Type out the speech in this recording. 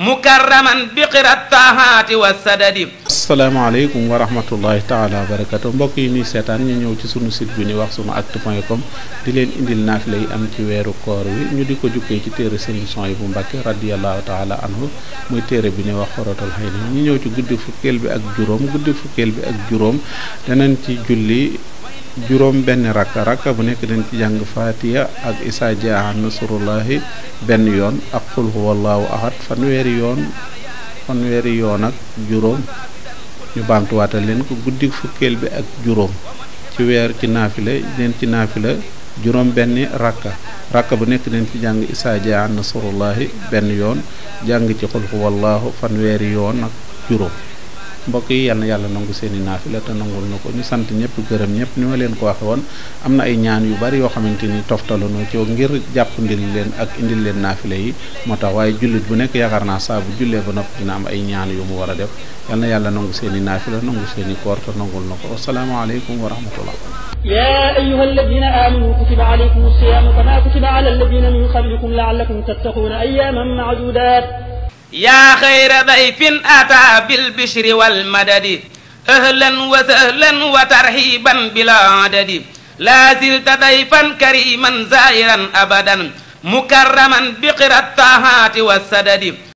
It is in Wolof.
mukarraman bi qirat taahaati wa sadadi asalaamaaleykum wa rahmatullahi taala wa barakatu mbokk yi ñuy seetaan ñu ñëw ci sunu sit bi ni wax sunu actu point com di leen indil naafila yi am ci weeru koor wi ñu di ko jukkee ci téere Sëriñ Son bu Mbàkke radiallahu taala anhu muy téere bi ni wax xoratul xëy ni ñu ñëw ci guddi fukkeel bi ak juróom guddi fukkeel bi ak juróom danañ ci julli juróom benn rakka rakka bu nekk dañ ci jàng fatiha ak isaa jaa nasrullahi benn yoon ak qul huwallahu ahad fanweeri yoon fanweeri yoon ak juróom ñu baamtuwaatal leen ko guddi fukkeel bi ak juróom ci weer ci naafile leen ci naafila juróom benni rakka rakka bu nekk dañ ci jàng isaa jaa nasrullahi benn yoon jàng ci qul huwallahu fanweeri yoon ak juróom mbokk yi yal na yàlla nangu seen i naafila te nangul na ko ñu sant ñëpp gërëm ñëpp ni ma leen ko waxe woon am na ay ñaan yu bari yoo xamante toftalu no ci ngir jàpp ndil leen ak indil leen naafila yi moo tax waaye jullit bu nekk yaakaar naa saa bu jullee ba noppi dina am ay ñaan yu mu war a def yal na yàlla nangu seen i naafila nangu seen i koor te nangul na ko wasalaamaaleykum wa rahmatullah ya ayyuha alladina amanu kutiba alaykum alsiyam kama kutiba ala alladina yaa xayra dayfin ataa bil bishri wal madadi ahlan wa sahlan wa tarxiiban bila adadi laa zilta dayfan kariman zaa'iran abadan mukarraman bi qiraat taahaati wa sadadi